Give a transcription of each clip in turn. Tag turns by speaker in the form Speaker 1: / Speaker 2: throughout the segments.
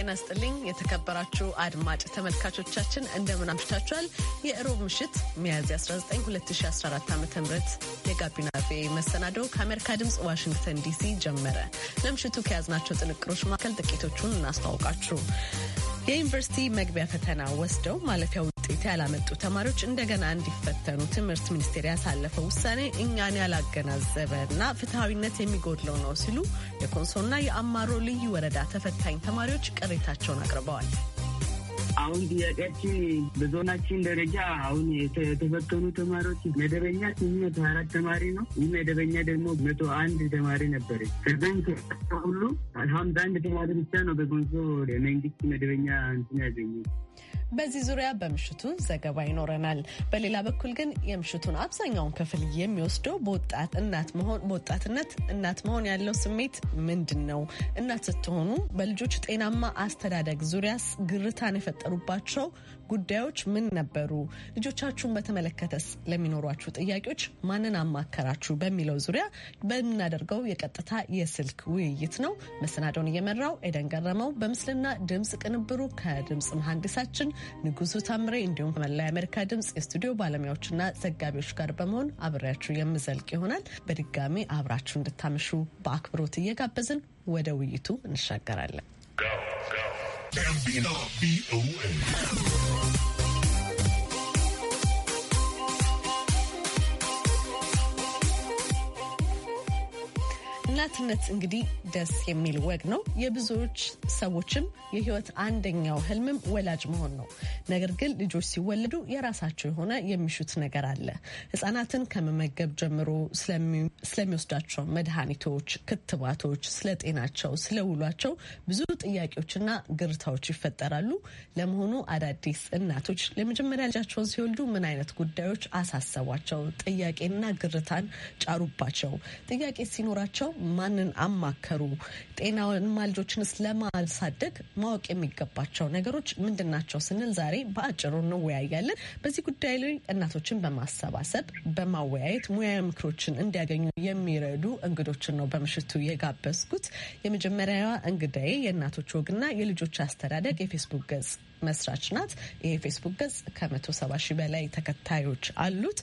Speaker 1: ጤና ስጥልኝ የተከበራችሁ አድማጭ ተመልካቾቻችን እንደምን አምሽታችኋል። የእሮብ ምሽት ሚያዝያ 19 2014 ዓ ም የጋቢና ቪ መሰናዶ ከአሜሪካ ድምፅ ዋሽንግተን ዲሲ ጀመረ። ለምሽቱ ከያዝናቸው ጥንቅሮች መካከል ጥቂቶቹን እናስተዋውቃችሁ። የዩኒቨርሲቲ መግቢያ ፈተና ወስደው ማለፊያ ውጤት ያላመጡ ተማሪዎች እንደገና እንዲፈተኑ ትምህርት ሚኒስቴር ያሳለፈው ውሳኔ እኛን ያላገናዘበና ፍትሐዊነት የሚጎድለው ነው ሲሉ የኮንሶና የአማሮ ልዩ ወረዳ ተፈታኝ ተማሪዎች ቅሬታቸውን አቅርበዋል።
Speaker 2: አሁን ጥያቄያችን በዞናችን ደረጃ አሁን የተፈተኑ ተማሪዎች መደበኛ ስምንት አራት ተማሪ ነው። ይህ መደበኛ ደግሞ መቶ አንድ ተማሪ ነበር። ከዘን ሁሉ ሀምሳ አንድ ተማሪ ብቻ ነው በጎንሶ መንግስት መደበኛ እንትን ያገኘ
Speaker 1: በዚህ ዙሪያ በምሽቱ ዘገባ ይኖረናል። በሌላ በኩል ግን የምሽቱን አብዛኛውን ክፍል የሚወስደው በወጣትነት እናት መሆን ያለው ስሜት ምንድን ነው? እናት ስትሆኑ በልጆች ጤናማ አስተዳደግ ዙሪያስ ግርታን የፈጠሩባቸው ጉዳዮች ምን ነበሩ? ልጆቻችሁን በተመለከተስ ለሚኖሯችሁ ጥያቄዎች ማንን አማከራችሁ? በሚለው ዙሪያ በምናደርገው የቀጥታ የስልክ ውይይት ነው። መሰናዶን እየመራው ኤደን ገረመው፣ በምስልና ድምፅ ቅንብሩ ከድምፅ መሐንዲሳችን ንጉሱ ታምሬ እንዲሁም ከመላ የአሜሪካ ድምፅ የስቱዲዮ ባለሙያዎችና ዘጋቢዎች ጋር በመሆን አብሬያችሁ የምዘልቅ ይሆናል። በድጋሚ አብራችሁ እንድታመሹ በአክብሮት እየጋበዝን ወደ ውይይቱ እንሻገራለን።
Speaker 3: be away.
Speaker 1: እናትነት እንግዲህ ደስ የሚል ወግ ነው። የብዙዎች ሰዎችም የህይወት አንደኛው ህልምም ወላጅ መሆን ነው። ነገር ግን ልጆች ሲወለዱ የራሳቸው የሆነ የሚሹት ነገር አለ። ህጻናትን ከመመገብ ጀምሮ ስለሚወስዳቸው መድኃኒቶች፣ ክትባቶች፣ ስለ ጤናቸው፣ ስለ ውሏቸው ብዙ ጥያቄዎችና ግርታዎች ይፈጠራሉ። ለመሆኑ አዳዲስ እናቶች ለመጀመሪያ ልጃቸውን ሲወልዱ ምን አይነት ጉዳዮች አሳሰቧቸው? ጥያቄና ግርታን ጫሩባቸው? ጥያቄ ሲኖራቸው ማንን አማከሩ? ጤናማ ልጆችንስ ለማሳደግ ማወቅ የሚገባቸው ነገሮች ምንድን ናቸው ስንል ዛሬ በአጭሩ እንወያያለን። በዚህ ጉዳይ ላይ እናቶችን በማሰባሰብ በማወያየት ሙያዊ ምክሮችን እንዲያገኙ የሚረዱ እንግዶችን ነው በምሽቱ የጋበዝኩት። የመጀመሪያዋ እንግዳዬ የእናቶች ወግና የልጆች አስተዳደግ የፌስቡክ ገጽ መስራች ናት። ይህ ፌስቡክ ገጽ ከመቶ ሰባ ሺህ በላይ ተከታዮች አሉት።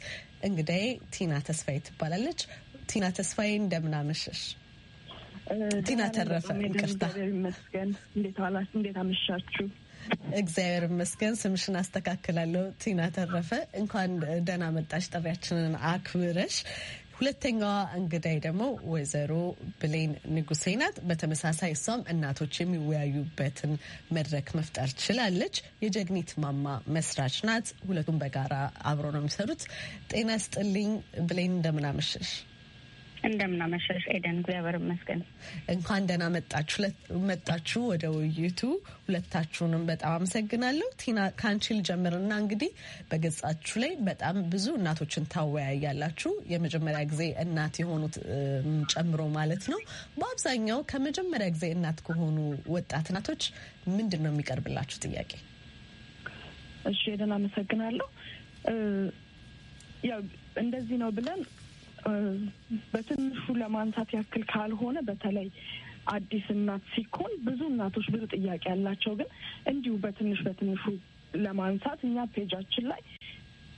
Speaker 1: እንግዳዬ ቲና ተስፋዬ ትባላለች። ቲና ተስፋዬ እንደምናመሸሽ። ቲና ተረፈ ይቅርታ። ይመስገን። እንዴት አመሻችሁ? እግዚአብሔር ይመስገን። ስምሽን አስተካክላለሁ። ቲና ተረፈ እንኳን ደህና መጣሽ። ጥሪያችንን አክብረሽ ሁለተኛዋ እንግዳይ ደግሞ ወይዘሮ ብሌን ንጉሴ ናት። በተመሳሳይ እሷም እናቶች የሚወያዩበትን መድረክ መፍጠር ችላለች። የጀግኒት ማማ መስራች ናት። ሁለቱም በጋራ አብሮ ነው የሚሰሩት። ጤና ስጥልኝ ብሌን፣ እንደምናመሸሽ እንደምናመሸሽ ኤደን፣ እግዚአብሔር ይመስገን። እንኳን ደህና መጣችሁ ወደ ውይይቱ። ሁለታችሁንም በጣም አመሰግናለሁ። ቲና ከአንቺ ልጀምርና እንግዲህ በገጻችሁ ላይ በጣም ብዙ እናቶችን ታወያያላችሁ። የመጀመሪያ ጊዜ እናት የሆኑት ጨምሮ ማለት ነው። በአብዛኛው ከመጀመሪያ ጊዜ እናት ከሆኑ ወጣት እናቶች ምንድን ነው የሚቀርብላችሁ ጥያቄ? እሺ ኤደን አመሰግናለሁ። ያው እንደዚህ ነው ብለን
Speaker 4: በትንሹ ለማንሳት ያክል ካልሆነ በተለይ አዲስ እናት ሲኮን ብዙ እናቶች ብዙ ጥያቄ ያላቸው ግን እንዲሁ በትንሽ በትንሹ ለማንሳት እኛ ፔጃችን ላይ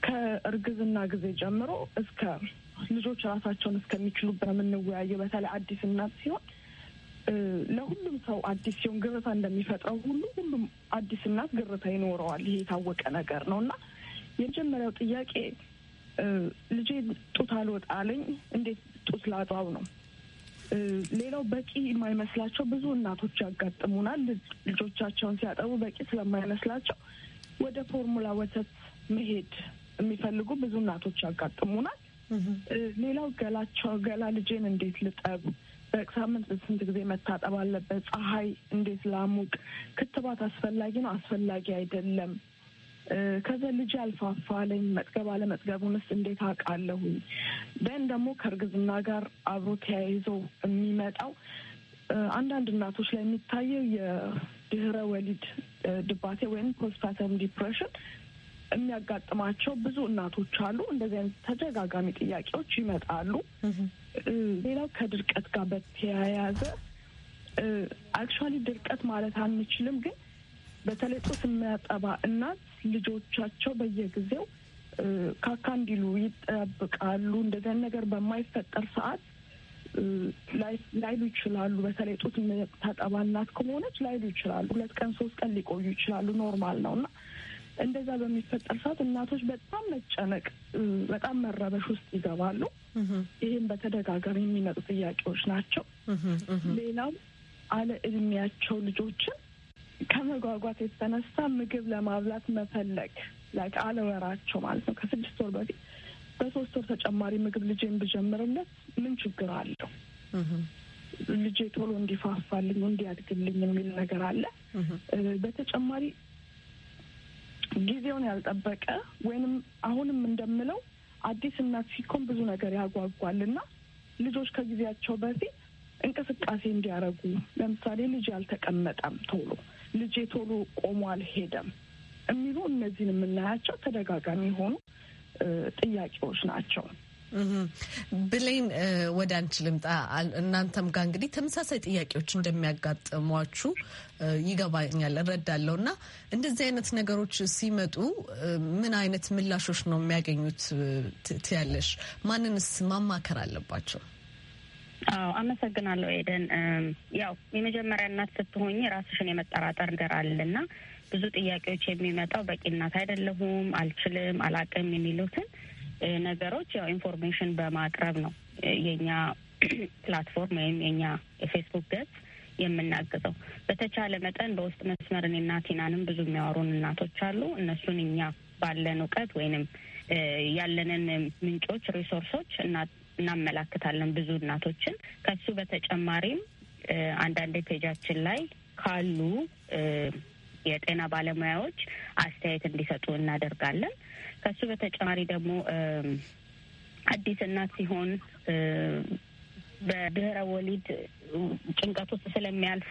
Speaker 4: ከእርግዝና ጊዜ ጀምሮ እስከ ልጆች ራሳቸውን እስከሚችሉበት የምንወያየው በተለይ አዲስ እናት ሲሆን ለሁሉም ሰው አዲስ ሲሆን ግርታ እንደሚፈጥረው ሁሉ ሁሉም አዲስ እናት ግርታ ይኖረዋል። ይሄ የታወቀ ነገር ነው እና የመጀመሪያው ጥያቄ ልጄ ጡት አልወጣ አለኝ። እንዴት ጡት ላጧው ነው? ሌላው በቂ የማይመስላቸው ብዙ እናቶች ያጋጥሙናል። ልጆቻቸውን ሲያጠቡ በቂ ስለማይመስላቸው ወደ ፎርሙላ ወተት መሄድ የሚፈልጉ ብዙ እናቶች ያጋጥሙናል። ሌላው ገላቸው ገላ ልጄን እንዴት ልጠብ፣ በሳምንት ስንት ጊዜ መታጠብ አለበት፣ ፀሐይ እንዴት ላሙቅ፣ ክትባት አስፈላጊ ነው አስፈላጊ አይደለም ከዛ ልጅ ያልፋፋለኝ መጥገብ አለመጥገቡንስ እንዴት አውቃለሁኝ? ደን ደግሞ ከእርግዝና ጋር አብሮ ተያይዞ የሚመጣው አንዳንድ እናቶች ላይ የሚታየው የድህረ ወሊድ ድባቴ ወይም ፖስትፓተም ዲፕሬሽን የሚያጋጥማቸው ብዙ እናቶች አሉ። እንደዚህ አይነት ተደጋጋሚ ጥያቄዎች ይመጣሉ። ሌላው ከድርቀት ጋር በተያያዘ አክቹዋሊ ድርቀት ማለት አንችልም፣ ግን በተለይ ጡት የሚያጠባ እናት ልጆቻቸው በየጊዜው ካካ እንዲሉ ይጠብቃሉ። እንደዚያ ነገር በማይፈጠር ሰዓት ላይሉ ይችላሉ። በተለይ ጡት የምታጠባ እናት ከሆነች ላይሉ ይችላሉ። ሁለት ቀን ሶስት ቀን ሊቆዩ ይችላሉ። ኖርማል ነው እና እንደዛ በሚፈጠር ሰዓት እናቶች በጣም መጨነቅ፣ በጣም መረበሽ ውስጥ ይገባሉ። ይህም በተደጋጋሚ የሚመጡ ጥያቄዎች ናቸው። ሌላው አለ እድሜያቸው ልጆችን ከመጓጓት የተነሳ ምግብ ለማብላት መፈለግ ላይ አለወራቸው ማለት ነው። ከስድስት ወር በፊት በሶስት ወር ተጨማሪ ምግብ ልጄን ብጀምርለት ምን ችግር አለው? ልጄ ቶሎ እንዲፋፋልኝ እንዲያድግልኝ የሚል ነገር አለ። በተጨማሪ ጊዜውን ያልጠበቀ ወይንም አሁንም እንደምለው አዲስ እናት ሲኮን ብዙ ነገር ያጓጓል እና ልጆች ከጊዜያቸው በፊት እንቅስቃሴ እንዲያደርጉ ለምሳሌ ልጅ አልተቀመጠም ቶሎ ልጄ ቶሎ ቆሞ አልሄደም የሚሉ እነዚህን የምናያቸው
Speaker 1: ተደጋጋሚ የሆኑ ጥያቄዎች ናቸው። ብሌን ወደ አንቺ ልምጣ። እናንተም ጋር እንግዲህ ተመሳሳይ ጥያቄዎች እንደሚያጋጥሟችሁ ይገባኛል፣ እረዳለሁ። እና እንደዚህ አይነት ነገሮች ሲመጡ ምን አይነት ምላሾች ነው የሚያገኙት ትያለሽ? ማንንስ ማማከር አለባቸው?
Speaker 5: አዎ አመሰግናለሁ ኤደን። ያው የመጀመሪያ እናት ስትሆኝ ራስሽን የመጠራጠር ነገር አለና ብዙ ጥያቄዎች የሚመጣው በቂ እናት አይደለሁም፣ አልችልም፣ አላቅም የሚሉትን ነገሮች ያው ኢንፎርሜሽን በማቅረብ ነው የኛ ፕላትፎርም ወይም የኛ የፌስቡክ ገጽ የምናግዘው። በተቻለ መጠን በውስጥ መስመር እኔና ቲናንም ብዙ የሚያወሩን እናቶች አሉ። እነሱን እኛ ባለን እውቀት ወይንም ያለንን ምንጮች ሪሶርሶች እናመላክታለን ብዙ እናቶችን። ከሱ በተጨማሪም አንዳንዴ ፔጃችን ላይ ካሉ የጤና ባለሙያዎች አስተያየት እንዲሰጡ እናደርጋለን። ከሱ በተጨማሪ ደግሞ አዲስ እናት ሲሆን በድህረ ወሊድ ጭንቀት ውስጥ ስለሚያልፉ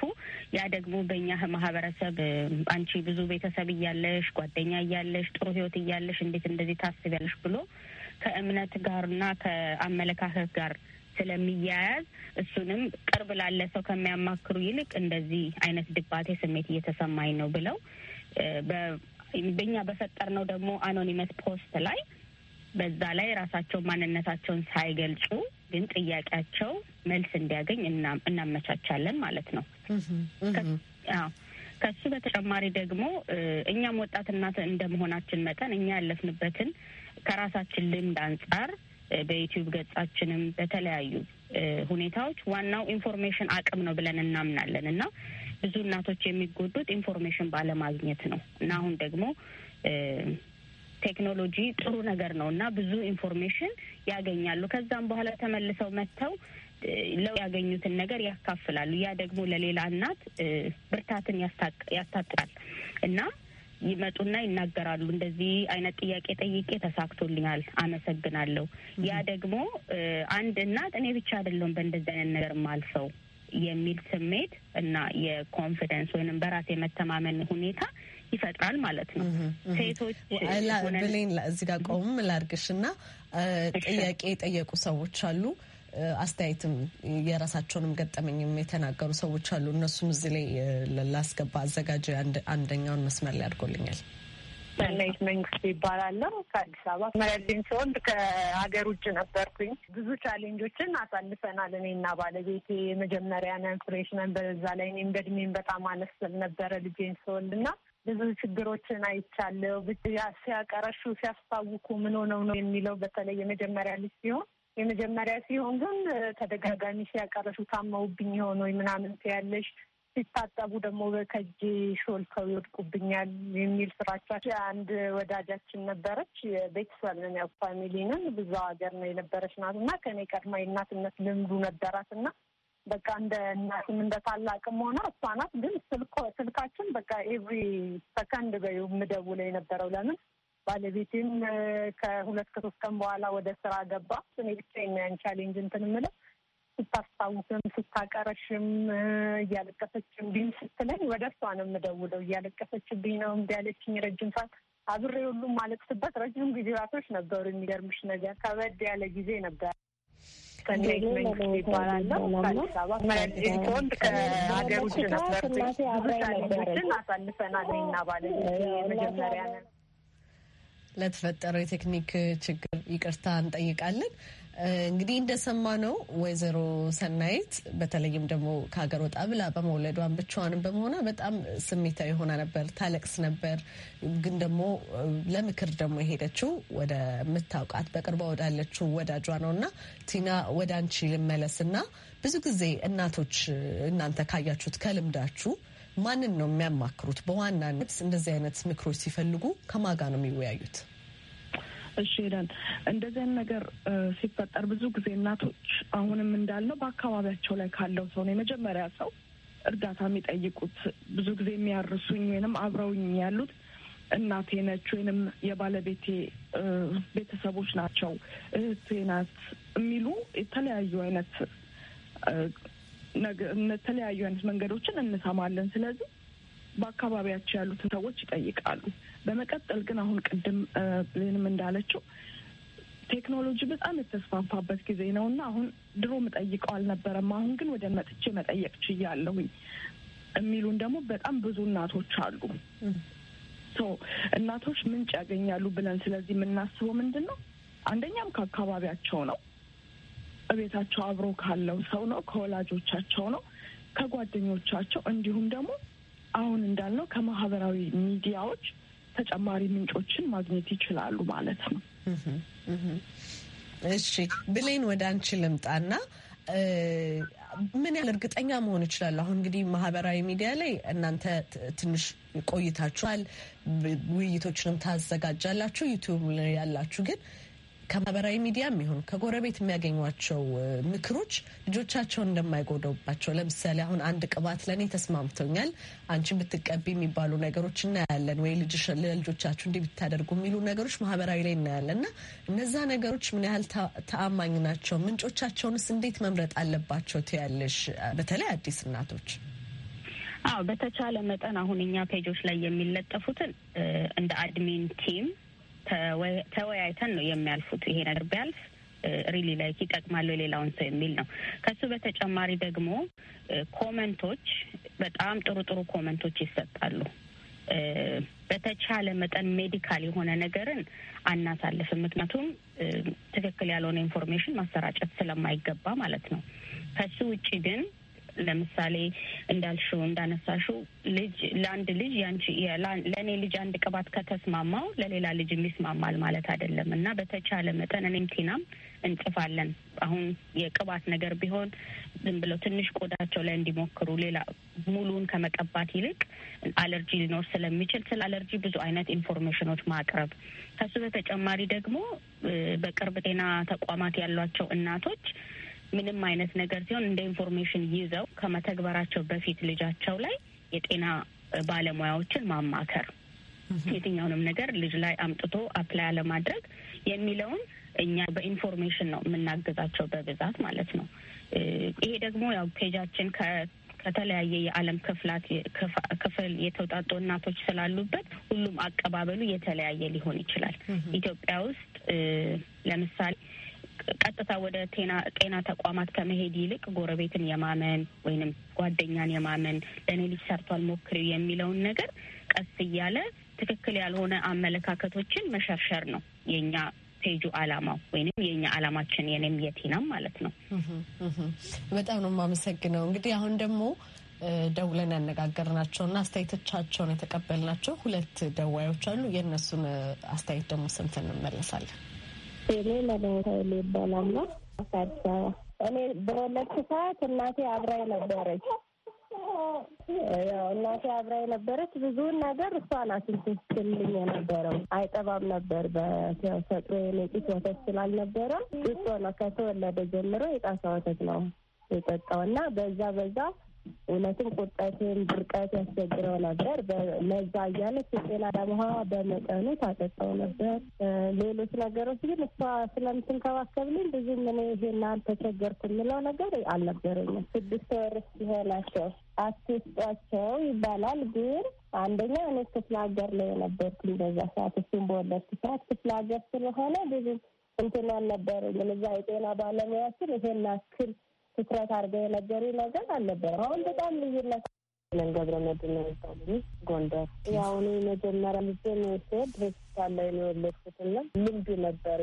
Speaker 5: ያ ደግሞ በእኛ ማህበረሰብ አንቺ ብዙ ቤተሰብ እያለሽ ጓደኛ እያለሽ ጥሩ ህይወት እያለሽ እንዴት እንደዚህ ታስቢያለሽ ብሎ ከእምነት ጋርና ከአመለካከት ጋር ስለሚያያዝ እሱንም ቅርብ ላለ ሰው ከሚያማክሩ ይልቅ እንደዚህ አይነት ድባቴ ስሜት እየተሰማኝ ነው ብለው በኛ በፈጠር ነው ደግሞ አኖኒመስ ፖስት ላይ በዛ ላይ ራሳቸው ማንነታቸውን ሳይገልጹ ግን ጥያቄያቸው መልስ እንዲያገኝ እናመቻቻለን ማለት ነው። ከሱ በተጨማሪ ደግሞ እኛም ወጣት እናት እንደመሆናችን መጠን እኛ ያለፍንበትን ከራሳችን ልምድ አንጻር በዩትዩብ ገጻችንም በተለያዩ ሁኔታዎች ዋናው ኢንፎርሜሽን አቅም ነው ብለን እናምናለን እና ብዙ እናቶች የሚጎዱት ኢንፎርሜሽን ባለማግኘት ነው እና አሁን ደግሞ ቴክኖሎጂ ጥሩ ነገር ነው እና ብዙ ኢንፎርሜሽን ያገኛሉ። ከዛም በኋላ ተመልሰው መጥተው ለው ያገኙትን ነገር ያካፍላሉ። ያ ደግሞ ለሌላ እናት ብርታትን ያስታጥቃል እና ይመጡና ይናገራሉ። እንደዚህ አይነት ጥያቄ ጠይቄ ተሳክቶልኛል፣ አመሰግናለሁ። ያ ደግሞ አንድ እናት እኔ ብቻ አይደለሁም በእንደዚህ አይነት ነገር ማልፈው የሚል ስሜት እና የኮንፊደንስ
Speaker 1: ወይንም በራስ የመተማመን ሁኔታ ይፈጥራል ማለት ነው። ሴቶች ብሌን እዚህ ጋር ቆም ላርግሽ እና ጥያቄ የጠየቁ ሰዎች አሉ አስተያየትም የራሳቸውንም ገጠመኝም የተናገሩ ሰዎች አሉ። እነሱም እዚህ ላይ ላስገባ አዘጋጅ አንደኛውን መስመር ላይ አድርጎልኛል። ሰናይት መንግስት
Speaker 3: ይባላለሁ። ከአዲስ አበባ መለልኝ ሲሆን ከሀገር ውጭ ነበርኩኝ። ብዙ ቻሌንጆችን አሳልፈናል። እኔ እና ባለቤቴ የመጀመሪያ ነን፣ ፍሬሽነን። በዛ ላይ እኔም በእድሜም በጣም አነስ ስለነበረ ልጄን ስወልድ እና ብዙ ችግሮችን አይቻለሁ። ሲያቀረሹ ሲያስታውኩ ምን ሆነው ነው የሚለው በተለይ የመጀመሪያ ልጅ ሲሆን የመጀመሪያ ሲሆን ግን ተደጋጋሚ ሲያቀረሹ ታመውብኝ የሆነ ወይ ምናምን ያለሽ ሲታጠቡ ደግሞ ከእጄ ሾልከው ይወድቁብኛል የሚል ስራቸው አንድ ወዳጃችን ነበረች። ቤተሰብ ነን ያው ፋሚሊ ነን፣ ብዙ ሀገር ነው የነበረች ናት እና ከኔ ቀድማ የእናትነት ልምዱ ነበራት እና በቃ እንደ እናትም እንደ ታላቅም ሆነ እሷ ናት። ግን ስልኮ ስልካችን በቃ ኤቭሪ ሰከንድ በዩ የምደውለው የነበረው ለምን ባለቤቴም ከሁለት ከሶስት ቀን በኋላ ወደ ስራ ገባ። እኔ ብቻ የሚያን ቻሌንጅ እንትን የምለው ስታስታውስም ስታቀረሽም እያለቀሰችም ቢም ስትለኝ ወደ እሷ ነው የምደውለው። እያለቀሰችብኝ ነው እምቢ አለችኝ። ረጅም ሰዓት አብሬ ሁሉም ማለቅስበት ረጅም ጊዜያቶች ነበሩ። የሚገርምሽ ነገር ከበድ ያለ ጊዜ ነበር።
Speaker 6: ሰናይት መንግስት ይባላለሁ። ከአዲስ አበባ ወንድ ከሀገር ውጭ ነበር።
Speaker 3: አሳልፈናል እና ባለቤቴ የመጀመሪያ ነን
Speaker 1: ለተፈጠረው የቴክኒክ ችግር ይቅርታ እንጠይቃለን። እንግዲህ እንደሰማ ነው ወይዘሮ ሰናይት በተለይም ደግሞ ከሀገር ወጣ ብላ በመውለዷን ብቻዋንም በመሆኗ በጣም ስሜታዊ ሆና ነበር፣ ታለቅስ ነበር። ግን ደግሞ ለምክር ደግሞ የሄደችው ወደ ምታውቃት በቅርቧ ወዳለችው ወዳጇ ነው እና ቲና ወደ አንቺ ልመለስ እና ብዙ ጊዜ እናቶች እናንተ ካያችሁት ከልምዳችሁ ማንን ነው የሚያማክሩት? በዋናነት እንደዚህ አይነት ምክሮች ሲፈልጉ ከማጋ ነው የሚወያዩት? እሺ ሄደን እንደዚህ አይነት ነገር ሲፈጠር ብዙ ጊዜ እናቶች
Speaker 4: አሁንም እንዳልነው በአካባቢያቸው ላይ ካለው ሰው ነው የመጀመሪያ ሰው እርዳታ የሚጠይቁት። ብዙ ጊዜ የሚያርሱኝ ወይንም አብረውኝ ያሉት እናቴ ነች ወይንም የባለቤቴ ቤተሰቦች ናቸው፣ እህቴ ናት የሚሉ የተለያዩ አይነት የተለያዩ አይነት መንገዶችን እንሰማለን። ስለዚህ በአካባቢያቸው ያሉትን ሰዎች ይጠይቃሉ። በመቀጠል ግን አሁን ቅድም ብንም እንዳለችው ቴክኖሎጂ በጣም የተስፋፋበት ጊዜ ነው እና አሁን ድሮ ምጠይቀው አልነበረም፣ አሁን ግን ወደ መጥቼ መጠየቅ ችያለሁኝ የሚሉን ደግሞ በጣም ብዙ እናቶች አሉ። እናቶች ምንጭ ያገኛሉ ብለን ስለዚህ የምናስበው ምንድን ነው አንደኛም ከአካባቢያቸው ነው እቤታቸው አብሮ ካለው ሰው ነው፣ ከወላጆቻቸው ነው፣ ከጓደኞቻቸው እንዲሁም ደግሞ አሁን እንዳልነው ከማህበራዊ ሚዲያዎች ተጨማሪ ምንጮችን ማግኘት ይችላሉ ማለት ነው።
Speaker 1: እሺ ብሌን፣ ወደ አንቺ ልምጣና ምን ያህል እርግጠኛ መሆን ይችላሉ? አሁን እንግዲህ ማህበራዊ ሚዲያ ላይ እናንተ ትንሽ ቆይታችኋል፣ ውይይቶችንም ታዘጋጃላችሁ፣ ዩቱብ ያላችሁ ግን ከማህበራዊ ሚዲያ የሚሆን ከጎረቤት የሚያገኟቸው ምክሮች ልጆቻቸውን እንደማይጎደውባቸው ለምሳሌ አሁን አንድ ቅባት ለእኔ ተስማምቶኛል፣ አንቺ ብትቀቢ የሚባሉ ነገሮች እናያለን ወይ ለልጆቻችሁ እንዲህ ብታደርጉ የሚሉ ነገሮች ማህበራዊ ላይ እናያለን እና እነዛ ነገሮች ምን ያህል ተአማኝ ናቸው? ምንጮቻቸውንስ እንዴት መምረጥ አለባቸው ትያለሽ? በተለይ አዲስ እናቶች አዎ፣
Speaker 5: በተቻለ መጠን አሁን እኛ ፔጆች ላይ የሚለጠፉትን እንደ አድሚን ቲም ተወያይተን ነው የሚያልፉት። ይሄ ነገር ቢያልፍ ሪሊ ላይክ ይጠቅማሉ የሌላውን ሰው የሚል ነው። ከሱ በተጨማሪ ደግሞ ኮመንቶች፣ በጣም ጥሩ ጥሩ ኮመንቶች ይሰጣሉ። በተቻለ መጠን ሜዲካል የሆነ ነገርን አናሳልፍም። ምክንያቱም ትክክል ያልሆነ ኢንፎርሜሽን ማሰራጨት ስለማይገባ ማለት ነው። ከሱ ውጭ ግን ለምሳሌ እንዳልሽው እንዳነሳሽው ልጅ ለአንድ ልጅ ያንቺ ለእኔ ልጅ አንድ ቅባት ከተስማማው ለሌላ ልጅ ይስማማል ማለት አይደለም እና በተቻለ መጠን እኔም ቲናም እንጽፋለን። አሁን የቅባት ነገር ቢሆን ዝም ብለው ትንሽ ቆዳቸው ላይ እንዲሞክሩ ሌላ ሙሉን ከመቀባት ይልቅ አለርጂ ሊኖር ስለሚችል ስለ አለርጂ ብዙ አይነት ኢንፎርሜሽኖች ማቅረብ ከሱ በተጨማሪ ደግሞ በቅርብ ጤና ተቋማት ያሏቸው እናቶች ምንም አይነት ነገር ሲሆን እንደ ኢንፎርሜሽን ይዘው ከመተግበራቸው በፊት ልጃቸው ላይ የጤና ባለሙያዎችን ማማከር የትኛውንም ነገር ልጅ ላይ አምጥቶ አፕላይ አለማድረግ የሚለውን እኛ በኢንፎርሜሽን ነው የምናግዛቸው በብዛት ማለት ነው። ይሄ ደግሞ ያው ፔጃችን ከተለያየ የዓለም ክፍላት ክፍል የተውጣጡ እናቶች ስላሉበት ሁሉም አቀባበሉ የተለያየ ሊሆን ይችላል። ኢትዮጵያ ውስጥ ለምሳሌ ቀጥታ ወደ ጤና ተቋማት ከመሄድ ይልቅ ጎረቤትን የማመን ወይንም ጓደኛን የማመን ለእኔ ልጅ ሰርቷል ሞክሪው የሚለውን ነገር ቀስ እያለ ትክክል ያልሆነ አመለካከቶችን መሸርሸር ነው የእኛ ፔጁ አላማው ወይንም የኛ አላማችን የኔም የቴናም ማለት ነው።
Speaker 1: በጣም ነው የማመሰግነው። እንግዲህ አሁን ደግሞ ደውለን ያነጋገርናቸውና አስተያየቶቻቸውን የተቀበልናቸው ሁለት ደዋዮች አሉ። የእነሱን አስተያየት ደግሞ ስንት እንመለሳለን።
Speaker 6: ሴሜ መድኃኒታይል ይባላል። አዲስ እኔ በወለድኩ ሰዓት እናቴ አብራይ ነበረች። ያው እናቴ አብራይ ነበረች። ብዙውን ነገር እሷ ናት ስትልኝ የነበረው አይጠባም ነበር በተፈጥሮ የኔጢት ወተት ስላልነበረ እሷ ነው ከተወለደ ጀምሮ የጣሳ ወተት ነው የጠጣው እና በዛ በዛ እውነትም ቁጠትን ድርቀት ያስቸግረው ነበር። ለዛ እያለች የጤና ደመሃ በመጠኑ ታጠጣው ነበር። ሌሎች ነገሮች ግን እሷ ስለምትንከባከብልኝ ብዙ ምን ይሄን አልተቸገርኩ የምለው ነገር አልነበረኝም። ስድስት ወር ሲሆናቸው አትስጧቸው ይባላል። ግን አንደኛ እኔ ክፍለ ሀገር ላይ የነበርኩኝ በዛ ሰዓት፣ እሱም በወለድኩ ሰዓት ክፍለ ሀገር ስለሆነ ብዙ እንትን አልነበረኝም። እዛ የጤና ባለሙያችን ይሄን አክል ትኩረት አድርገው የነገሩ ነገር አልነበረም። አሁን በጣም ልዩነት ለን ገብረ መድን ነው ይባሉ ጎንደር። የአሁኑ እኔ መጀመሪያ ልጄን ስወልድ ሆስፒታል ላይ ነው የወለድኩትና ልምዱ ነበር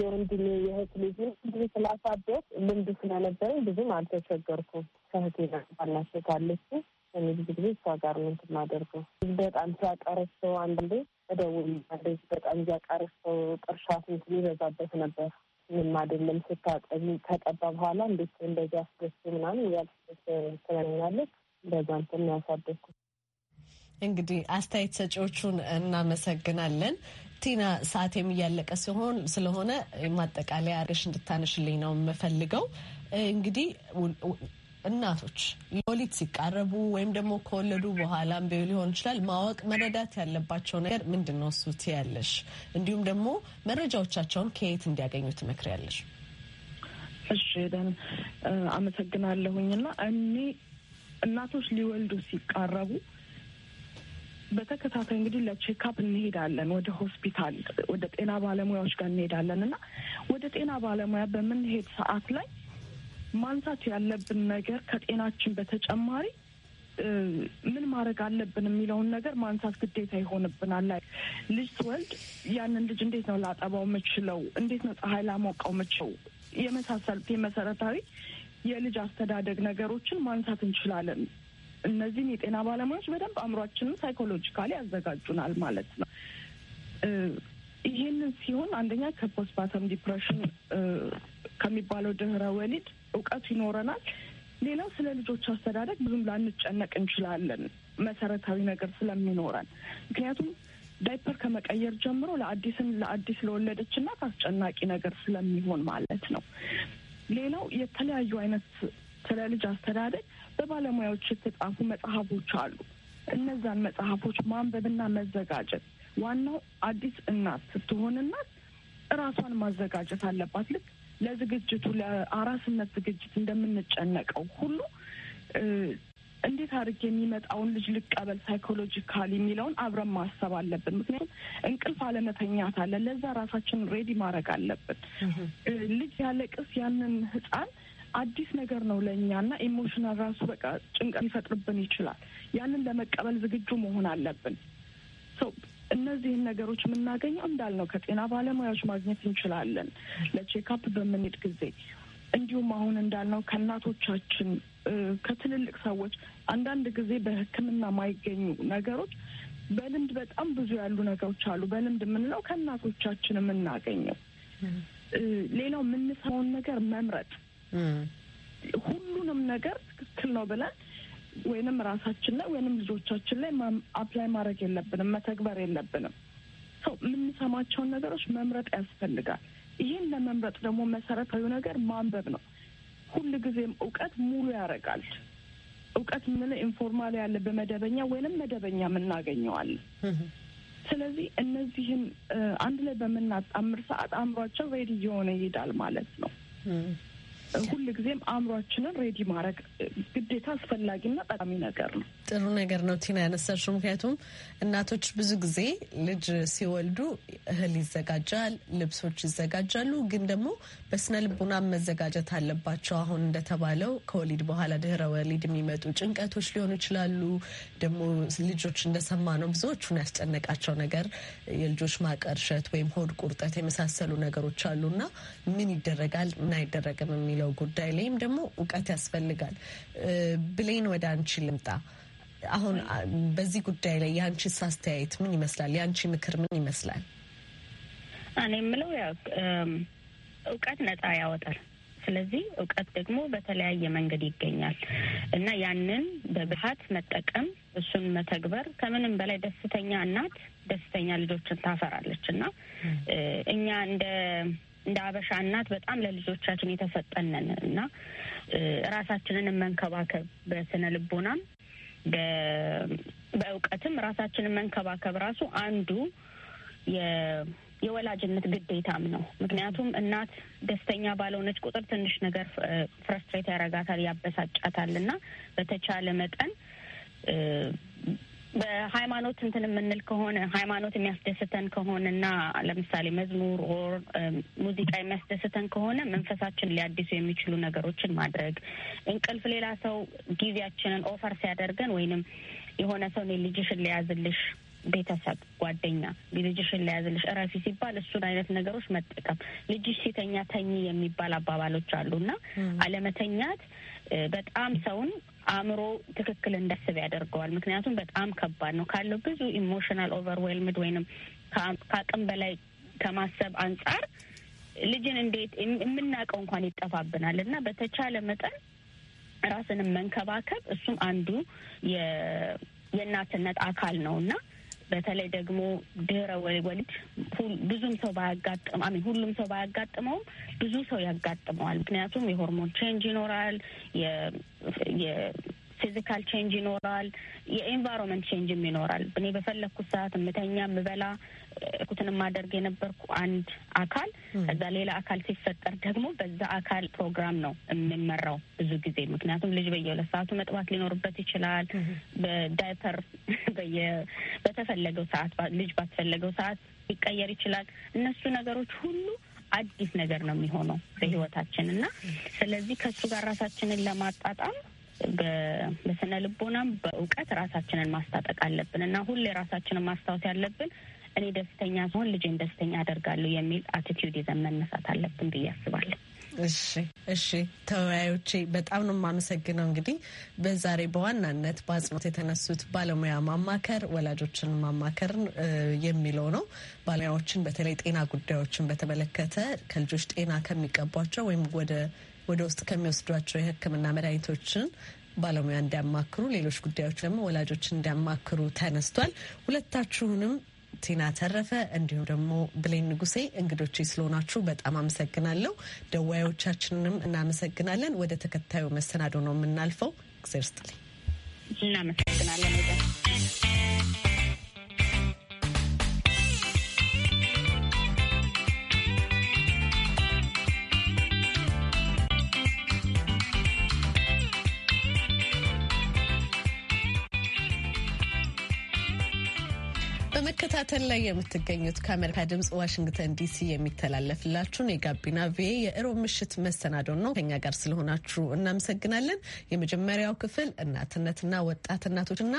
Speaker 6: የወንድሜ የእህት ልጅ ብዙ ስላሳደግ ልምድ ስለነበረኝ ብዙም አልተቸገርኩም። ከእህቴ ናቸው ካለች እኔ ብዙ ጊዜ እሷ ጋር ነው እንትን የማደርገው። በጣም ሲያቀርሰው አንዳንዴ እደውልልሃለች። በጣም እያቀርሰው ጥርሻት እንትን ይበዛበት ነበር። ምንም አይደለም ስታጠቢ ከጠባ በኋላ እንዴት እንደዚህ አስገሱ ምናምን እያልስ ትመኛለች እንደዛ እንትን ያሳደግኩት።
Speaker 1: እንግዲህ አስተያየት ሰጪዎቹን እናመሰግናለን። ቲና ሰዓቴም የሚያለቀ ሲሆን ስለሆነ ማጠቃለያ ርዕሽ እንድታነሽልኝ ነው የምፈልገው። እንግዲህ እናቶች ለወሊድ ሲቃረቡ ወይም ደግሞ ከወለዱ በኋላ እምቢ ሊሆን ይችላል ማወቅ መረዳት ያለባቸው ነገር ምንድን ነው እሱ ትያለሽ? እንዲሁም ደግሞ መረጃዎቻቸውን ከየት እንዲያገኙ ትመክሪያለሽ? እሺ ደን
Speaker 4: አመሰግናለሁኝ አመሰግናለሁኝና እኔ እናቶች ሊወልዱ ሲቃረቡ በተከታታይ እንግዲህ ለቼክአፕ እንሄዳለን፣ ወደ ሆስፒታል፣ ወደ ጤና ባለሙያዎች ጋር እንሄዳለን እና ወደ ጤና ባለሙያ በምንሄድ ሰዓት ላይ ማንሳት ያለብን ነገር ከጤናችን በተጨማሪ ምን ማድረግ አለብን የሚለውን ነገር ማንሳት ግዴታ ይሆንብናል። ላይ ልጅ ስወልድ ያንን ልጅ እንዴት ነው ላጠባው ምችለው፣ እንዴት ነው ፀሐይ ላሞቀው ምችው የመሳሰሉት የመሰረታዊ የልጅ አስተዳደግ ነገሮችን ማንሳት እንችላለን። እነዚህም የጤና ባለሙያዎች በደንብ አእምሯችንን ሳይኮሎጂካሊ ያዘጋጁናል ማለት ነው። ይህንን ሲሆን አንደኛ ከፖስትፓርተም ዲፕሬሽን ከሚባለው ድህረ ወሊድ እውቀቱ ይኖረናል። ሌላው ስለ ልጆች አስተዳደግ ብዙም ላንጨነቅ እንችላለን፣ መሰረታዊ ነገር ስለሚኖረን። ምክንያቱም ዳይፐር ከመቀየር ጀምሮ ለአዲስን ለአዲስ ለወለደች እናት አስጨናቂ ነገር ስለሚሆን ማለት ነው። ሌላው የተለያዩ አይነት ስለ ልጅ አስተዳደግ በባለሙያዎች የተጻፉ መጽሐፎች አሉ። እነዛን መጽሐፎች ማንበብና መዘጋጀት ዋናው አዲስ እናት ስትሆን እናት እራሷን ማዘጋጀት አለባት። ልክ ለዝግጅቱ ለአራስነት ዝግጅት እንደምንጨነቀው ሁሉ እንዴት አድርጌ የሚመጣውን ልጅ ልቀበል ሳይኮሎጂካል የሚለውን አብረን ማሰብ አለብን። ምክንያቱም እንቅልፍ አለመተኛት አለ። ለዛ ራሳችን ሬዲ ማድረግ አለብን። ልጅ ያለቅስ ያንን ህፃን አዲስ ነገር ነው ለእኛ እና ኢሞሽናል ራሱ በቃ ጭንቀት ሊፈጥርብን ይችላል። ያንን ለመቀበል ዝግጁ መሆን አለብን። እነዚህን ነገሮች የምናገኘው እንዳልነው ከጤና ባለሙያዎች ማግኘት እንችላለን። ለቼክአፕ በምንሄድ ጊዜ እንዲሁም አሁን እንዳልነው ከእናቶቻችን ከትልልቅ ሰዎች አንዳንድ ጊዜ በሕክምና የማይገኙ ነገሮች በልምድ በጣም ብዙ ያሉ ነገሮች አሉ። በልምድ የምንለው ከእናቶቻችን የምናገኘው። ሌላው የምንሰማውን ነገር መምረጥ ሁሉንም ነገር ትክክል ነው ብለን ወይንም ራሳችን ላይ ወይንም ልጆቻችን ላይ አፕላይ ማድረግ የለብንም፣ መተግበር የለብንም። ሰው የምንሰማቸውን ነገሮች መምረጥ ያስፈልጋል። ይህን ለመምረጥ ደግሞ መሰረታዊ ነገር ማንበብ ነው። ጊዜም እውቀት ሙሉ ያደርጋል። እውቀት ምን ኢንፎርማል ያለ በመደበኛ ወይንም መደበኛ የምናገኘዋል ስለዚህ እነዚህን አንድ ላይ በምናጣምር ሰዓት አእምሯቸው ሬዲ እየሆነ ይሄዳል ማለት ነው።
Speaker 1: ጊዜም አእምሯችንን ሬዲ ማድረግ ግዴታ አስፈላጊና ጠቃሚ ነገር ነው። ጥሩ ነገር ነው ቲና ያነሳችው። ምክንያቱም እናቶች ብዙ ጊዜ ልጅ ሲወልዱ እህል ይዘጋጃል፣ ልብሶች ይዘጋጃሉ። ግን ደግሞ በስነ ልቡና መዘጋጀት አለባቸው። አሁን እንደተባለው ከወሊድ በኋላ ድህረ ወሊድ የሚመጡ ጭንቀቶች ሊሆኑ ይችላሉ። ደግሞ ልጆች እንደሰማ ነው ብዙዎቹን ያስጨነቃቸው ነገር የልጆች ማቀርሸት ወይም ሆድ ቁርጠት የመሳሰሉ ነገሮች አሉ እና ምን ይደረጋል ምን አይደረግም የሚለው ጉዳይ ላይም ደግሞ እውቀት ያስፈልጋል። ብሌን ወደ አንቺ ልምጣ። አሁን በዚህ ጉዳይ ላይ የአንቺ አስተያየት ምን ይመስላል? የአንቺ ምክር ምን ይመስላል?
Speaker 5: እኔ የምለው እውቀት ነጻ ያወጣል። ስለዚህ እውቀት ደግሞ በተለያየ መንገድ ይገኛል እና ያንን በብርሃት መጠቀም እሱን መተግበር ከምንም በላይ ደስተኛ እናት ደስተኛ ልጆችን ታፈራለች እና እኛ እንደ እንደ አበሻ እናት በጣም ለልጆቻችን የተሰጠነን እና ራሳችንን መንከባከብ በስነ ልቦናም በእውቀትም ራሳችንን መንከባከብ ራሱ አንዱ የወላጅነት ግዴታም ነው። ምክንያቱም እናት ደስተኛ ባልሆነች ቁጥር ትንሽ ነገር ፍረስትሬት ያረጋታል፣ ያበሳጫታል እና በተቻለ መጠን በሃይማኖት እንትን የምንል ከሆነ ሃይማኖት የሚያስደስተን ከሆነ እና ለምሳሌ መዝሙር ኦር ሙዚቃ የሚያስደስተን ከሆነ መንፈሳችን ሊያድሱ የሚችሉ ነገሮችን ማድረግ፣ እንቅልፍ ሌላ ሰው ጊዜያችንን ኦፈር ሲያደርገን ወይንም የሆነ ሰው እኔ ልጅሽን ሊያዝልሽ ቤተሰብ፣ ጓደኛ ልጅሽን ሊያዝልሽ እረፊ ሲባል እሱን አይነት ነገሮች መጠቀም፣ ልጅሽ ሲተኛ ተኝ የሚባል አባባሎች አሉ እና አለመተኛት በጣም ሰውን አእምሮ ትክክል እንዳስብ ያደርገዋል። ምክንያቱም በጣም ከባድ ነው ካለው ብዙ ኢሞሽናል ኦቨርዌልምድ ወይንም ከአቅም በላይ ከማሰብ አንጻር ልጅን እንዴት የምናውቀው እንኳን ይጠፋብናል እና በተቻለ መጠን ራስንም መንከባከብ እሱም አንዱ የእናትነት አካል ነው እና በተለይ ደግሞ ድህረ ወሊድ ብዙም ሰው ባያጋጥም ሁሉም ሰው ባያጋጥመውም ብዙ ሰው ያጋጥመዋል። ምክንያቱም የሆርሞን ቼንጅ ይኖራል፣ የፊዚካል ቼንጅ ይኖራል፣ የኤንቫይሮንመንት ቼንጅም ይኖራል። እኔ በፈለግኩት ሰዓት የምተኛ የምበላ እኩትን ማደርግ የነበርኩ አንድ አካል ከዛ ሌላ አካል ሲፈጠር ደግሞ በዛ አካል ፕሮግራም ነው የምመራው ብዙ ጊዜ። ምክንያቱም ልጅ በየሁለት ሰዓቱ መጥባት ሊኖርበት ይችላል። በዳይፐር በተፈለገው ሰዓት ልጅ ባስፈለገው ሰዓት ሊቀየር ይችላል። እነሱ ነገሮች ሁሉ አዲስ ነገር ነው የሚሆነው በህይወታችን እና ስለዚህ ከእሱ ጋር ራሳችንን ለማጣጣም በስነ ልቦናም በእውቀት ራሳችንን ማስታጠቅ አለብን እና ሁሌ ራሳችንን ማስታወስ ያለብን እኔ ደስተኛ ሲሆን ልጄን ደስተኛ አደርጋለሁ
Speaker 1: የሚል አቲቲዩድ ይዘን መነሳት አለብን ብዬ አስባለሁ። እሺ እሺ፣ ተወያዮቼ በጣም ነው የማመሰግነው። እንግዲህ በዛሬ በዋናነት በአጽንኦት የተነሱት ባለሙያ ማማከር፣ ወላጆችን ማማከር የሚለው ነው። ባለሙያዎችን በተለይ ጤና ጉዳዮችን በተመለከተ ከልጆች ጤና ከሚቀቧቸው ወይም ወደ ውስጥ ከሚወስዷቸው የሕክምና መድኃኒቶችን ባለሙያ እንዲያማክሩ፣ ሌሎች ጉዳዮች ደግሞ ወላጆችን እንዲያማክሩ ተነስቷል። ሁለታችሁንም ቲና ተረፈ እንዲሁም ደግሞ ብሌን ንጉሴ እንግዶች ስለሆናችሁ በጣም አመሰግናለሁ። ደዋዮቻችንንም እናመሰግናለን። ወደ ተከታዩ መሰናዶ ነው የምናልፈው። እግዜር ስጥልኝ። እናመሰግናለን። በመከታተል ላይ የምትገኙት ከአሜሪካ ድምጽ ዋሽንግተን ዲሲ የሚተላለፍላችሁን የጋቢና ቪ የእሮብ ምሽት መሰናዶን ነው። ከኛ ጋር ስለሆናችሁ እናመሰግናለን። የመጀመሪያው ክፍል እናትነትና ወጣት እናቶችና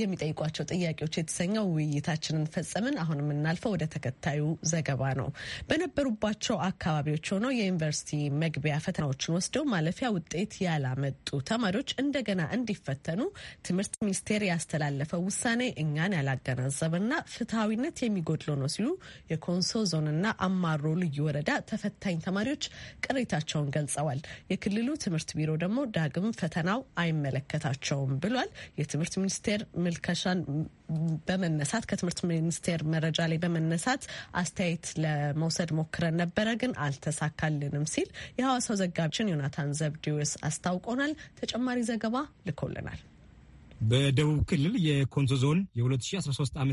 Speaker 1: የሚጠይቋቸው ጥያቄዎች የተሰኘው ውይይታችንን ፈጸምን። አሁን የምናልፈው ወደ ተከታዩ ዘገባ ነው። በነበሩባቸው አካባቢዎች ሆነው የዩኒቨርሲቲ መግቢያ ፈተናዎችን ወስደው ማለፊያ ውጤት ያላመጡ ተማሪዎች እንደገና እንዲፈተኑ ትምህርት ሚኒስቴር ያስተላለፈው ውሳኔ እኛን ያላገናዘበና ፍትሐዊነት የሚጎድለው ነው ሲሉ የኮንሶ ዞንና አማሮ ልዩ ወረዳ ተፈታኝ ተማሪዎች ቅሬታቸውን ገልጸዋል። የክልሉ ትምህርት ቢሮ ደግሞ ዳግም ፈተናው አይመለከታቸውም ብሏል። የትምህርት ሚኒስቴር ምልከሻን በመነሳት ከትምህርት ሚኒስቴር መረጃ ላይ በመነሳት አስተያየት ለመውሰድ ሞክረን ነበረ፣ ግን አልተሳካልንም ሲል የሐዋሳው ዘጋቢችን ዮናታን ዘብዲዮስ አስታውቆናል። ተጨማሪ ዘገባ ልኮልናል።
Speaker 7: በደቡብ ክልል የኮንሶ ዞን የ2013 ዓ ም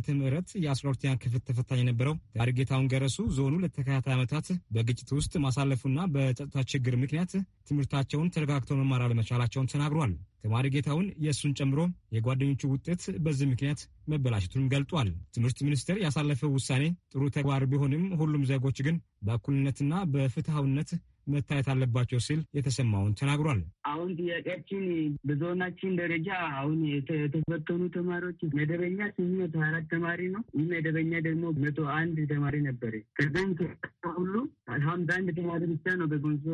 Speaker 7: የ12ኛ ክፍል ተፈታኝ የነበረው አርጌታውን ገረሱ ዞኑ ለተከታታይ ዓመታት በግጭት ውስጥ ማሳለፉና በጸጥታ ችግር ምክንያት ትምህርታቸውን ተረጋግተው መማር አለመቻላቸውን ተናግሯል። ተማሪ ጌታውን የእሱን ጨምሮ የጓደኞቹ ውጤት በዚህ ምክንያት መበላሸቱን ገልጧል። ትምህርት ሚኒስቴር ያሳለፈው ውሳኔ ጥሩ ተግባር ቢሆንም ሁሉም ዜጎች ግን በእኩልነትና በፍትሐዊነት መታየት አለባቸው ሲል የተሰማውን ተናግሯል።
Speaker 2: አሁን ጥያቄያችን በዞናችን ደረጃ አሁን የተፈተኑ ተማሪዎች መደበኛ ስኝ መቶ አራት ተማሪ ነው። ይህ መደበኛ ደግሞ መቶ አንድ ተማሪ ነበር። ከዘን ሁሉ ሀምሳ አንድ ተማሪ ብቻ ነው በጎንሶ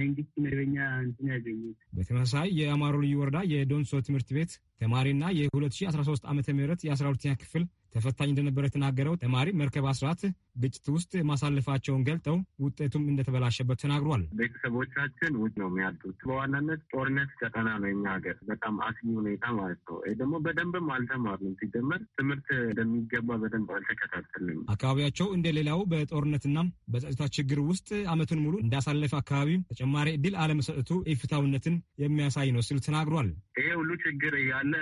Speaker 2: መንግስት መደበኛ እንትን ያገኙት።
Speaker 7: በተመሳሳይ የአማሮ ልዩ ወረዳ የዶንሶ ትምህርት ቤት ተማሪና የ2013 ዓ ም የ12ኛ ክፍል ተፈታኝ እንደነበረ የተናገረው ተማሪ መርከብ አስራት ግጭት ውስጥ ማሳለፋቸውን ገልጠው ውጤቱም እንደተበላሸበት ተናግሯል።
Speaker 2: ቤተሰቦቻችን ውጭ ነው የሚያሉት። በዋናነት ጦርነት ቀጠና ነው የኛ ሀገር፣ በጣም አስጊ ሁኔታ ማለት ነው። ይህ ደግሞ በደንብም አልተማርንም። ሲጀመር ትምህርት እንደሚገባ በደንብ አልተከታተልንም።
Speaker 7: አካባቢያቸው እንደሌላው በጦርነትና በጸጥታ ችግር ውስጥ አመቱን ሙሉ እንዳሳለፈ አካባቢ ተጨማሪ እድል አለመሰጠቱ ኢፍታውነትን የሚያሳይ ነው ሲሉ ተናግሯል።
Speaker 2: ይሄ ሁሉ ችግር እያለ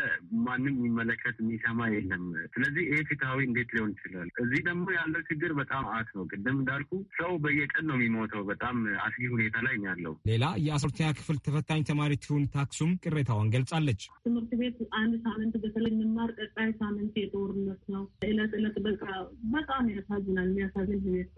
Speaker 2: ማንም የሚመለከት የሚሰማ የለም። ስለዚህ ይሄ ፍትሐዊ እንዴት ሊሆን ይችላል? እዚህ ደግሞ ያለው ችግር በጣም አት ነው። ቅድም እንዳልኩ ሰው በየቀን ነው የሚሞተው። በጣም አስጊ ሁኔታ ላይ ያለው።
Speaker 7: ሌላ የአስርተኛ ክፍል ተፈታኝ ተማሪ ትሁን ታክሱም ቅሬታዋን ገልጻለች።
Speaker 6: ትምህርት ቤት አንድ ሳምንት በተለይ የምማር ቀጣይ ሳምንት የጦርነት ነው። እለት እለት በቃ በጣም ያሳዝናል። የሚያሳዝን ሁኔት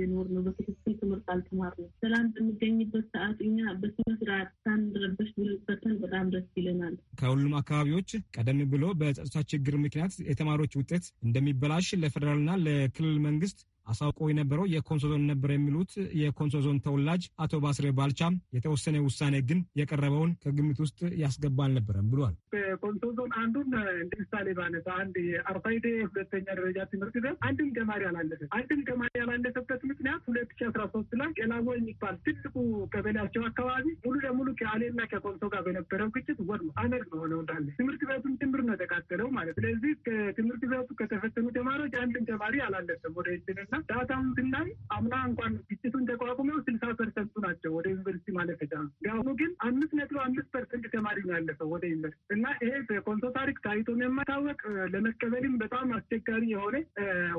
Speaker 6: የኖር ነው። በትክክል ትምህርት አልተማርንም። ሰላም በሚገኝበት ሰዓት እኛ በስነ ስርዓት ሳንረበሽ ብንፈተን በጣም ደስ ይለናል።
Speaker 7: ከሁሉም አካባቢዎች ቀደም ብሎ በጸጥታ ችግር ምክንያት የተማሪዎች ውጤት እንደሚበላሽ ለፌዴራልና ለክልል መንግስት አሳውቆ የነበረው የኮንሶ ዞን ነበር የሚሉት የኮንሶ ዞን ተወላጅ አቶ ባስሬ ባልቻ የተወሰነ ውሳኔ ግን የቀረበውን ከግምት ውስጥ ያስገባ አልነበረም ብሏል።
Speaker 2: በኮንሶ ዞን አንዱን እንደ ምሳሌ ባነሳ አንድ የአርፋይዴ ሁለተኛ ደረጃ ትምህርት ቤት አንድም ተማሪ አላለፈ አንድም ተማሪ ያላለፈበት ምክንያት ሁለት ሺ አስራ ሶስት ላይ ገላቦ የሚባል ትልቁ ቀበሌያቸው አካባቢ ሙሉ ለሙሉ ከአሌና ከኮንሶ ጋር በነበረው ግጭት ወድሞ አመድ ነው ሆነው እንዳለ ትምህርት ቤቱን ጭምር ነው የተቃጠለው ማለት ስለዚህ ከትምህርት ቤቱ ከተፈተኑ ተማሪዎች አንድም ተማሪ አላለፈም ወደ እንትና ዳታውን ስናይ አምና እንኳን ግጭቱን ተቋቁመው ስልሳ ፐርሰንቱ ናቸው ወደ ዩኒቨርሲቲ ማለት ዳ አሁኑ ግን አምስት ነጥብ አምስት ፐርሰንት ተማሪ ነው ያለፈው ወደ ዩኒቨርሲቲ እና ይሄ በኮንሶ ታሪክ ታይቶ የማይታወቅ ለመቀበልም በጣም አስቸጋሪ የሆነ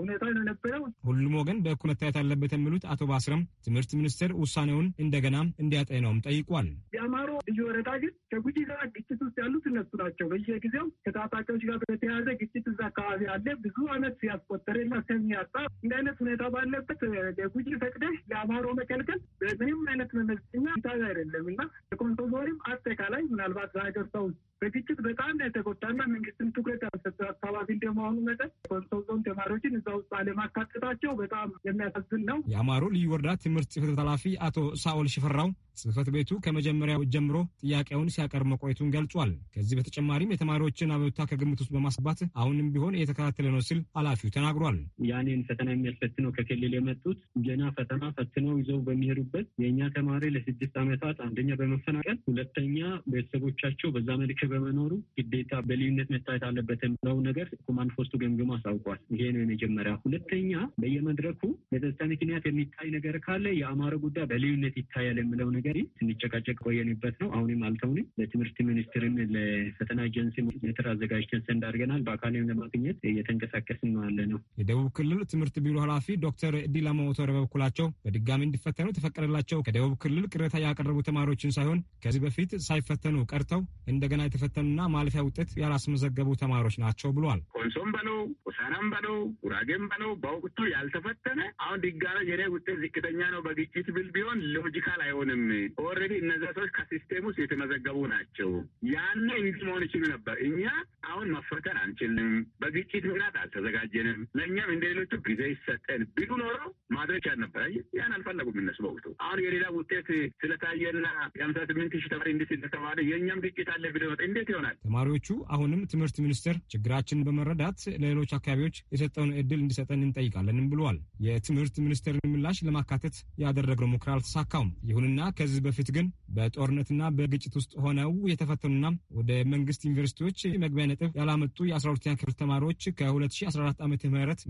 Speaker 2: ሁኔታ ነው የነበረው።
Speaker 7: ሁሉም ወገን በእኩል መታየት አለበት የሚሉት አቶ ባስረም ትምህርት ሚኒስቴር ውሳኔውን እንደገና እንዲያጤነውም ጠይቋል።
Speaker 2: የአማሮ ልዩ ወረዳ ግን ከጉጂ ጋር ግጭት ውስጥ ያሉት እነሱ ናቸው። በየጊዜው ከታጣቂዎች ጋር በተያያዘ ግጭት እዛ አካባቢ አለ። ብዙ አመት ያስቆጠረ እና ከሚያጣ እንደ አይነት ሁኔታ ባለበት ለጉጂ ፈቅደሽ ለአማሮ መቀልቀል በምንም አይነት መመዘኛ ታ አይደለም እና የኮንሶ ዞንም አጠቃላይ ምናልባት በሀገር ሰው በግጭት በጣም የተጎዳና መንግስትም ትኩረት ያልሰጠ አካባቢ እንደመሆኑ መጠን ኮንሶ ዞን ተማሪዎችን እዛ ውስጥ አለማካተታቸው በጣም የሚያሳዝን ነው።
Speaker 7: የአማሮ ልዩ ወረዳ ትምህርት ጽህፈት ቤት ኃላፊ አቶ ሳኦል ሽፈራው ጽህፈት ቤቱ ከመጀመሪያው ጀምሮ ጥያቄውን ሲያቀርብ መቆየቱን ገልጿል። ከዚህ በተጨማሪም የተማሪዎችን አቤቱታ ከግምት ውስጥ በማስገባት
Speaker 2: አሁንም ቢሆን እየተከታተለ ነው ሲል ኃላፊው ተናግሯል። ያኔን ፈተና የሚያስፈትነው ከክልል የመጡት ገና ፈተና ፈትነው ይዘው በሚሄዱበት የእኛ ተማሪ ለስድስት ዓመታት አንደኛ በመፈናቀል ሁለተኛ ቤተሰቦቻቸው በዛ መልክ በመኖሩ ግዴታ በልዩነት መታየት አለበት ነው ነገር ኮማንድ ፖስቱ ገምግሞ አሳውቋል። ይሄ ነው የመጀመሪያ። ሁለተኛ በየመድረኩ በጸጥታ ምክንያት የሚታይ ነገር ካለ የአማረ ጉዳይ በልዩነት ይታያል የምለው ነገር ስንጨቃጨቅ ቆየንበት ነው። አሁንም አልተውንም። ለትምህርት ሚኒስትርም ለፈተና ኤጀንሲ ሜትር አዘጋጅተን ሰንድ አድርገናል። በአካልም ለማግኘት እየተንቀሳቀስን ነው ያለ ነው።
Speaker 7: የደቡብ ክልል ትምህርት ቢሮ ኃላፊ ዶክተር ዲላሞ ሞቶር በበኩላቸው በድጋሚ እንዲፈተኑ ተፈቀደላቸው ከደቡብ ክልል ቅሬታ ያቀረቡ ተማሪዎችን ሳይሆን ከዚህ በፊት ሳይፈተኑ ቀርተው እንደገና የተፈተኑና ማለፊያ ውጤት ያላስመዘገቡ ተማሪዎች ናቸው
Speaker 2: ብሏል። ኮንሶም በለው ሆሳናም በለው ጉራጌም በለው በወቅቱ ያልተፈተነ አሁን ድጋሚ የኔ ውጤት ዝቅተኛ ነው በግጭት ብል ቢሆን ሎጂካል አይሆንም። ኦልሬዲ እነዛ ሰዎች ከሲስቴም ውስጥ የተመዘገቡ ናቸው። ያነ እንዲህ መሆን ይችሉ ነበር። እኛ አሁን መፈተን አንችልም፣ በግጭት ምክንያት አልተዘጋጀንም፣ ለእኛም እንደ ሌሎቹ ጊዜ ይሰጠን ቢሉ ኖሮ ማድረግ ያልነበረ ያን አልፈለጉም እነሱ በወቅቱ አሁን የሌላ ውጤት ስለታየና የአምሳ ስምንት ሺህ ተማሪ እንዲህ ስለተባለ የእኛም ግጭት አለ ብለ እንዴት ይሆናል?
Speaker 7: ተማሪዎቹ አሁንም ትምህርት ሚኒስቴር ችግራችንን በመረዳት ለሌሎች አካባቢዎች የሰጠውን እድል እንዲሰጠን እንጠይቃለንም ብለዋል። የትምህርት ሚኒስቴርን ምላሽ ለማካተት ያደረግነው ሙከራ አልተሳካውም። ይሁንና ከዚህ በፊት ግን በጦርነትና በግጭት ውስጥ ሆነው የተፈተኑና ወደ መንግስት ዩኒቨርሲቲዎች መግቢያ ነጥብ ያላመጡ የ12ኛ ክፍል ተማሪዎች ከ2014 ዓ ም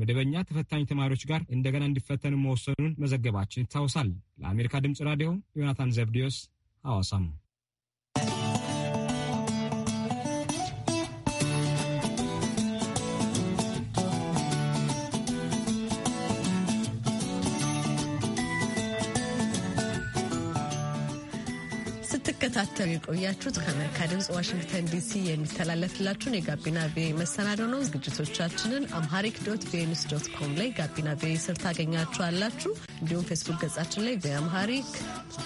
Speaker 7: መደበኛ ተፈታኝ ተማሪዎች ጋር እንደገና እንዲፈተኑ መወሰኑን መዘገባችን ይታወሳል። ለአሜሪካ ድምፅ ራዲዮ ዮናታን ዘብዲዮስ ሐዋሳም
Speaker 1: ስትከታተሉ የቆያችሁት ከአሜሪካ ድምፅ ዋሽንግተን ዲሲ የሚተላለፍላችሁን የጋቢና ቪ መሰናዶ ነው። ዝግጅቶቻችንን አምሃሪክ ዶት ቪኒስ ዶት ኮም ላይ ጋቢና ቪ ስር ታገኛችኋላችሁ። እንዲሁም ፌስቡክ ገጻችን ላይ በአምሃሪክ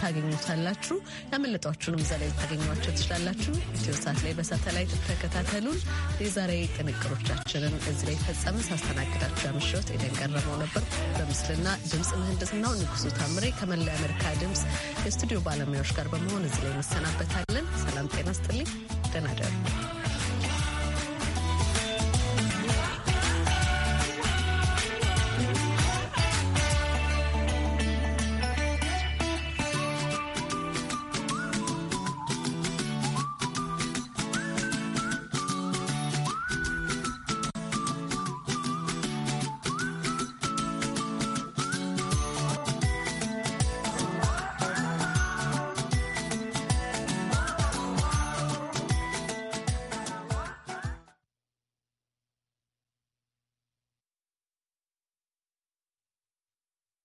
Speaker 1: ታገኙታላችሁ። ያመለጧችሁንም እዛ ላይ ልታገኟቸው ትችላላችሁ። ኢትዮሳት ላይ በሳተላይት ተከታተሉን። የዛሬ ጥንቅሮቻችንን እዚህ ላይ ፈጸምን። ሳስተናግዳችሁ ያመሸሁት ኤደን ገረመው ነበር። በምስልና ድምፅ ምህንድስናው ንጉሱ ታምሬ ከመላ የአሜሪካ ድምፅ የስቱዲዮ ባለሙያዎች ጋር በመሆን እዚህ ላይ እንሰናበታለን። ሰላም ጤና ስጥልኝ። ደህና